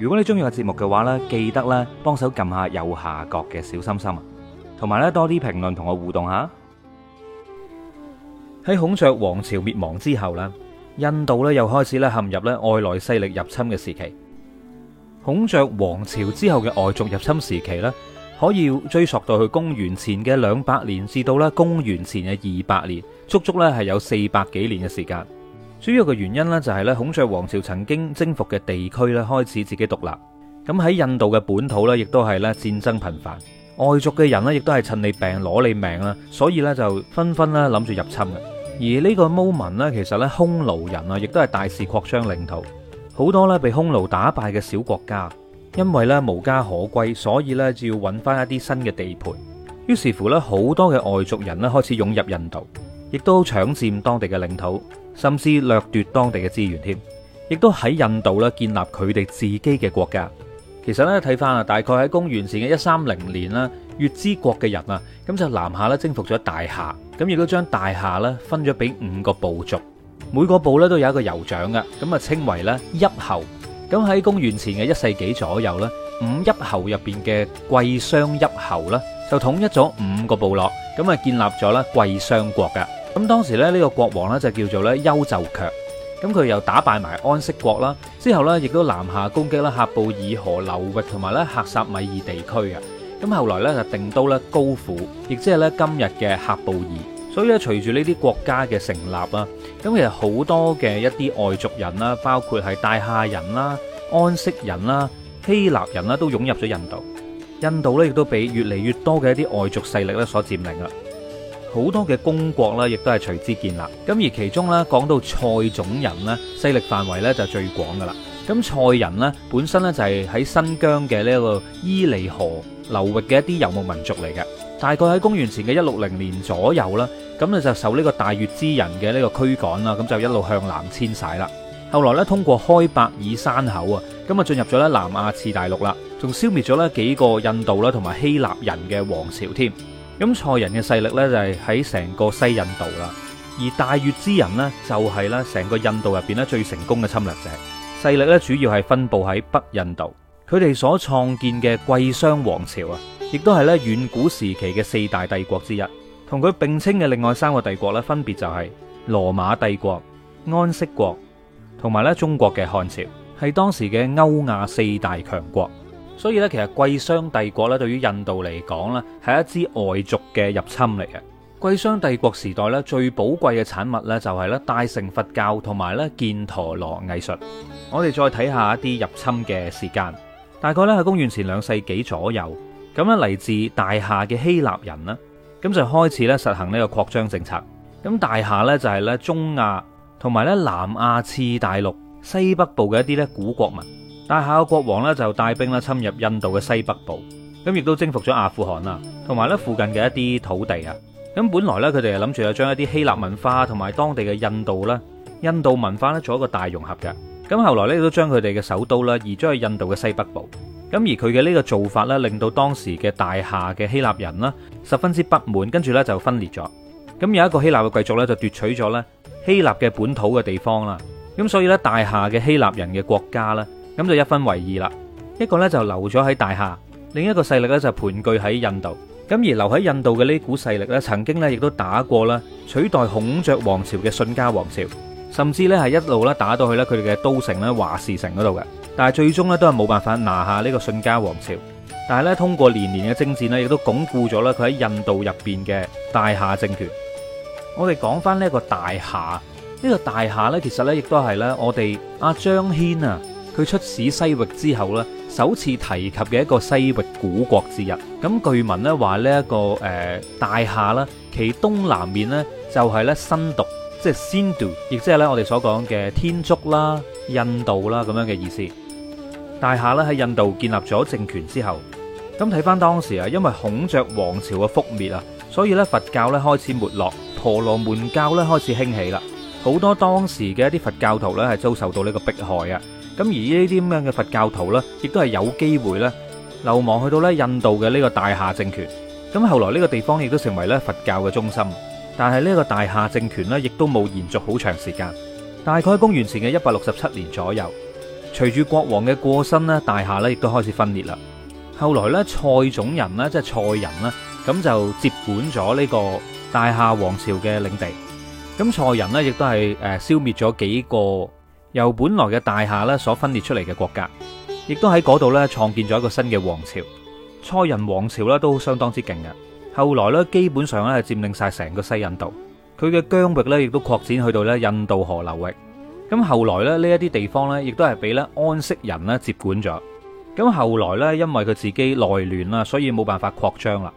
如果你中意嘅節目嘅話呢，記得咧幫手撳下右下角嘅小心心，同埋咧多啲評論同我互動下。喺孔雀王朝滅亡之後呢，印度咧又開始咧陷入咧外來勢力入侵嘅時期。孔雀王朝之後嘅外族入侵時期呢，可以追溯到去公元前嘅兩百年至到咧公元前嘅二百年，足足呢係有四百幾年嘅時間。主要嘅原因呢，就係咧孔雀王朝曾經征服嘅地區咧，開始自己獨立。咁喺印度嘅本土呢，亦都係咧戰爭頻繁，外族嘅人呢，亦都係趁你病攞你命啦，所以咧就紛紛咧諗住入侵嘅。而呢個 moment 呢，其實呢，匈奴人啊，亦都係大肆擴張領土，好多呢，被匈奴打敗嘅小國家，因為呢，無家可歸，所以呢，就要揾翻一啲新嘅地盤。於是乎呢，好多嘅外族人呢，開始湧入印度。亦都搶佔當地嘅領土，甚至掠奪當地嘅資源添。亦都喺印度咧建立佢哋自己嘅國家。其實咧睇翻啊，大概喺公元前嘅一三零年啦，月氏國嘅人啊，咁就南下咧征服咗大夏，咁亦都將大夏咧分咗俾五個部族，每個部咧都有一個酋長噶，咁啊稱為咧邑侯。咁喺公元前嘅一世紀左右咧，五邑侯入邊嘅貴霜邑侯咧，就統一咗五個部落，咁啊建立咗咧貴霜國嘅。咁當時咧，呢個國王呢，就叫做呢優就卻，咁佢又打敗埋安息國啦，之後呢亦都南下攻擊啦喀布爾河流域同埋咧克薩米爾地區嘅，咁後來呢，就定都咧高府，亦即係咧今日嘅喀布爾。所以咧，隨住呢啲國家嘅成立啊，咁其實好多嘅一啲外族人啦，包括係大夏人啦、安息人啦、希臘人啦，都湧入咗印度，印度呢，亦都畀越嚟越多嘅一啲外族勢力咧所佔領啦。好多嘅公國呢，亦都係隨之建立。咁而其中呢，講到塞種人呢，勢力範圍呢，就最廣噶啦。咁塞人呢，本身呢，就係喺新疆嘅呢個伊犁河流域嘅一啲游牧民族嚟嘅。大概喺公元前嘅一六零年左右啦，咁啊就受呢個大月氏人嘅呢個驅趕啦，咁就一路向南遷徙啦。後來呢，通過開伯爾山口啊，咁啊進入咗呢南亞次大陸啦，仲消滅咗呢幾個印度啦同埋希臘人嘅王朝添。咁塞人嘅勢力呢，就係喺成個西印度啦，而大月氏人呢，就係咧成個印度入邊咧最成功嘅侵略者，勢力呢，主要係分佈喺北印度。佢哋所創建嘅貴霜王朝啊，亦都係咧遠古時期嘅四大帝國之一，同佢並稱嘅另外三個帝國呢，分別就係羅馬帝國、安息國同埋咧中國嘅漢朝，係當時嘅歐亞四大強國。所以咧，其實貴霜帝國咧，對於印度嚟講咧，係一支外族嘅入侵嚟嘅。貴霜帝國時代咧，最寶貴嘅產物咧，就係咧大乘佛教同埋咧犍陀羅藝術。我哋再睇下一啲入侵嘅時間，大概咧喺公元前兩世紀左右。咁咧嚟自大夏嘅希臘人啦，咁就開始咧實行呢個擴張政策。咁大夏咧就係咧中亞同埋咧南亞次大陸西北部嘅一啲咧古國民。大夏嘅國王咧就帶兵咧侵入印度嘅西北部，咁亦都征服咗阿富汗啦，同埋咧附近嘅一啲土地啊。咁本來咧佢哋係諗住咧將一啲希臘文化同埋當地嘅印度啦、印度文化咧做一個大融合嘅。咁後來咧都將佢哋嘅首都咧移咗去印度嘅西北部。咁而佢嘅呢個做法咧令到當時嘅大夏嘅希臘人啦十分之不滿，跟住咧就分裂咗。咁有一個希臘嘅貴族咧就奪取咗咧希臘嘅本土嘅地方啦。咁所以咧大夏嘅希臘人嘅國家咧。咁就一分為二啦，一個呢就留咗喺大夏，另一個勢力呢就盤踞喺印度。咁而留喺印度嘅呢股勢力呢，曾經呢亦都打過啦，取代孔雀王朝嘅信家王朝，甚至呢係一路呢打到去呢佢哋嘅都城呢華氏城嗰度嘅。但係最終呢都係冇辦法拿下呢個信家王朝。但係呢，通過年年嘅征戰呢，亦都鞏固咗呢佢喺印度入面嘅大夏政權。我哋講翻呢一個大夏，呢、這個大夏呢，其實呢亦都係呢我哋阿張騫啊。佢出使西域之後咧，首次提及嘅一個西域古國之一。咁據聞咧話呢一個誒、呃、大夏啦，其東南面咧就係咧身毒，即係仙度，亦即係咧我哋所講嘅天竺啦、印度啦咁樣嘅意思。大夏咧喺印度建立咗政權之後，咁睇翻當時啊，因為孔雀王朝嘅覆滅啊，所以咧佛教咧開始沒落，婆羅門教咧開始興起啦。好多當時嘅一啲佛教徒咧，係遭受到呢個迫害啊！咁而呢啲咁樣嘅佛教徒咧，亦都係有機會咧流亡去到咧印度嘅呢個大夏政權。咁後來呢個地方亦都成為咧佛教嘅中心。但係呢個大夏政權咧，亦都冇延續好長時間。大概公元前嘅一百六十七年左右，隨住國王嘅過身咧，大夏咧亦都開始分裂啦。後來咧，塞種人咧，即係塞人啦，咁就接管咗呢個大夏王朝嘅領地。咁塞人呢，亦都係誒消滅咗幾個由本來嘅大夏咧所分裂出嚟嘅國家，亦都喺嗰度呢創建咗一個新嘅王朝。塞人王朝呢，都相當之勁嘅，後來呢，基本上咧係佔領晒成個西印度，佢嘅疆域，呢，亦都擴展去到咧印度河流域。咁後來咧呢一啲地方呢，亦都係俾咧安息人咧接管咗。咁後來呢，因為佢自己內亂啦，所以冇辦法擴張啦。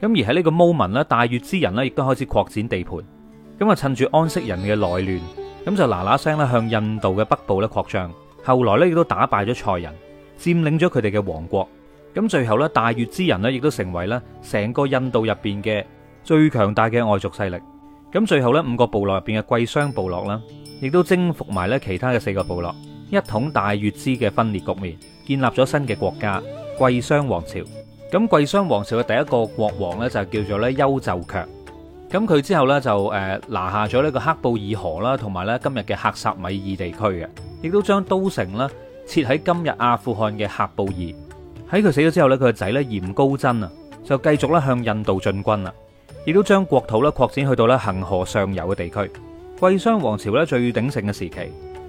咁而喺呢個 moment，大月氏人呢，亦都開始擴展地盤。咁啊，趁住安息人嘅內亂，咁就嗱嗱聲咧向印度嘅北部咧擴張。後來咧亦都打敗咗塞人，佔領咗佢哋嘅王國。咁最後咧大越之大月氏人咧亦都成為咧成個印度入邊嘅最強大嘅外族勢力。咁最後咧五個部落入邊嘅貴霜部落啦，亦都征服埋咧其他嘅四個部落，一統大月氏嘅分裂局面，建立咗新嘅國家貴霜王朝。咁貴霜王朝嘅第一個國王咧就叫做咧丘就強。咁佢之後呢，就誒拿下咗呢個喀布爾河啦，同埋咧今日嘅克什米爾地區嘅，亦都將都城呢設喺今日阿富汗嘅喀布爾。喺佢死咗之後呢，佢個仔呢，閻膏珍啊，就繼續咧向印度進軍啦，亦都將國土咧擴展去到咧恒河上游嘅地區。貴霜王朝咧最鼎盛嘅時期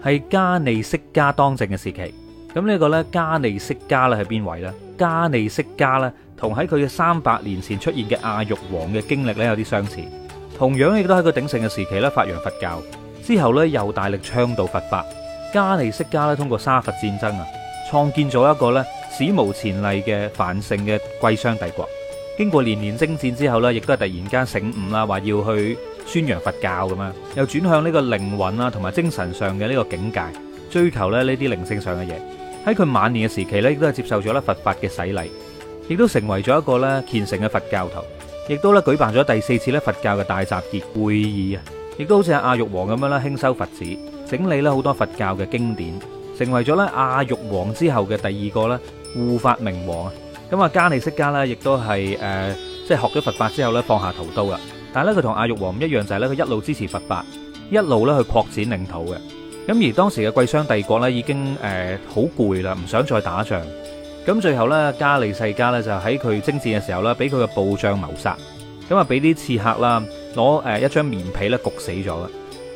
係加尼色迦當政嘅時期。咁呢個咧加尼色迦咧係邊位呢？加尼色迦咧？同喺佢嘅三百年前出現嘅阿育王嘅經歷呢，有啲相似，同樣亦都喺個鼎盛嘅時期咧發揚佛教，之後呢又大力倡導佛法。迦膩色迦咧通過沙佛戰爭啊，創建咗一個咧史無前例嘅繁盛嘅貴霜帝國。經過連年征戰之後呢亦都係突然間醒悟啦，話要去宣揚佛教咁樣，又轉向呢個靈魂啦同埋精神上嘅呢個境界追求咧呢啲靈性上嘅嘢。喺佢晚年嘅時期呢亦都係接受咗啦佛法嘅洗禮。亦都成為咗一個咧虔誠嘅佛教徒，亦都咧舉辦咗第四次咧佛教嘅大集結會議啊！亦都好似阿育王咁樣啦，興修佛寺，整理啦好多佛教嘅經典，成為咗咧阿育王之後嘅第二個咧護法明王啊！咁啊，迦膩色迦啦，亦都係誒即係學咗佛法之後咧放下屠刀啊！但係咧佢同阿育王唔一樣，就係咧佢一路支持佛法，一路咧去擴展領土嘅。咁而當時嘅貴霜帝國咧已經誒好攰啦，唔想再打仗。咁最後呢，加利世家呢就喺佢征戰嘅時候呢，俾佢嘅部將謀殺，咁啊俾啲刺客啦攞誒一張棉被呢焗死咗啦。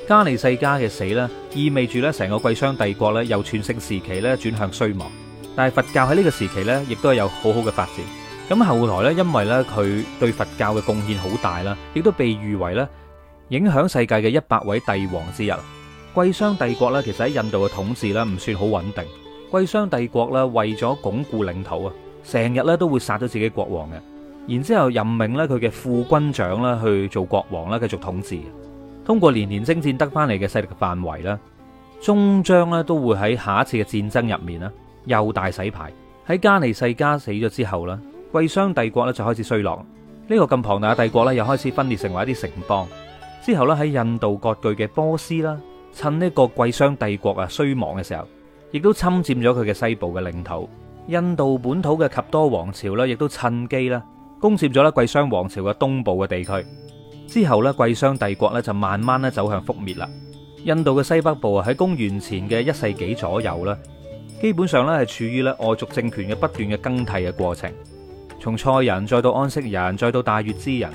加利世家嘅死呢，意味住呢成個貴霜帝國呢，由全盛時期呢轉向衰亡。但係佛教喺呢個時期呢，亦都係有好好嘅發展。咁後來呢，因為呢，佢對佛教嘅貢獻好大啦，亦都被譽為呢影響世界嘅一百位帝王之一。貴霜帝國呢，其實喺印度嘅統治呢，唔算好穩定。貴霜帝國咧為咗鞏固領土啊，成日咧都會殺咗自己國王嘅，然之後任命咧佢嘅副軍長啦去做國王啦，繼續統治。通過年年征戰得翻嚟嘅勢力範圍啦，終將咧都會喺下一次嘅戰爭入面啦又大洗牌。喺加尼世家死咗之後啦，貴霜帝國咧就開始衰落。呢個咁龐大嘅帝國咧又開始分裂成為一啲城邦。之後咧喺印度割據嘅波斯啦，趁呢個貴霜帝國啊衰亡嘅時候。亦都侵占咗佢嘅西部嘅領土，印度本土嘅笈多王朝咧，亦都趁機咧攻占咗咧貴霜王朝嘅東部嘅地區。之後咧，貴霜帝國咧就慢慢咧走向覆滅啦。印度嘅西北部啊，喺公元前嘅一世紀左右啦，基本上咧係處於咧外族政權嘅不斷嘅更替嘅過程。從塞人再到安息人，再到大月氏人，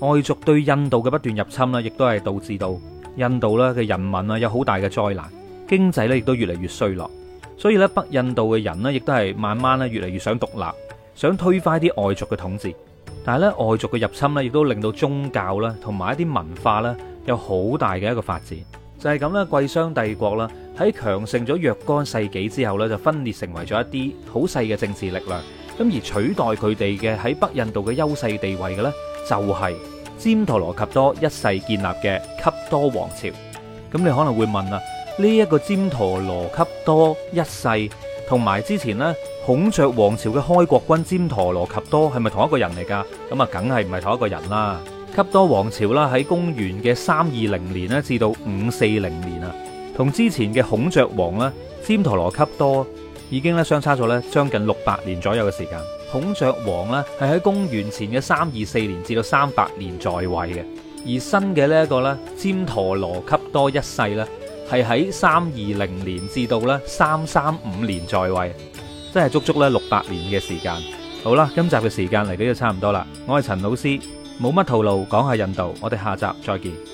外族對印度嘅不斷入侵啦，亦都係導致到印度啦嘅人民啊有好大嘅災難，經濟咧亦都越嚟越衰落。所以咧，北印度嘅人呢，亦都係慢慢咧越嚟越想獨立，想推翻啲外族嘅統治。但係咧，外族嘅入侵呢，亦都令到宗教啦同埋一啲文化咧，有好大嘅一個發展。就係咁啦，貴商帝國貴霜帝國啦，喺強盛咗若干世紀之後咧，就分裂成為咗一啲好細嘅政治力量。咁而取代佢哋嘅喺北印度嘅優勢地位嘅咧，就係旃陀羅笈多一世建立嘅笈多王朝。咁你可能會問啊？呢一個旃陀羅笈多一世，同埋之前呢孔雀王朝嘅開國君旃陀羅笈多係咪同一個人嚟噶？咁啊，梗係唔係同一個人啦。笈多王朝啦，喺公元嘅三二零年咧至到五四零年啊，同之前嘅孔雀王呢旃陀羅笈多已經咧相差咗咧將近六百年左右嘅時間。孔雀王呢係喺公元前嘅三二四年至到三百年在位嘅，而新嘅呢一個咧，旃陀羅笈多一世呢。係喺三二零年至到咧三三五年在位，即係足足咧六百年嘅時間。好啦，今集嘅時間嚟到就差唔多啦。我係陳老師，冇乜套路講下印度，我哋下集再見。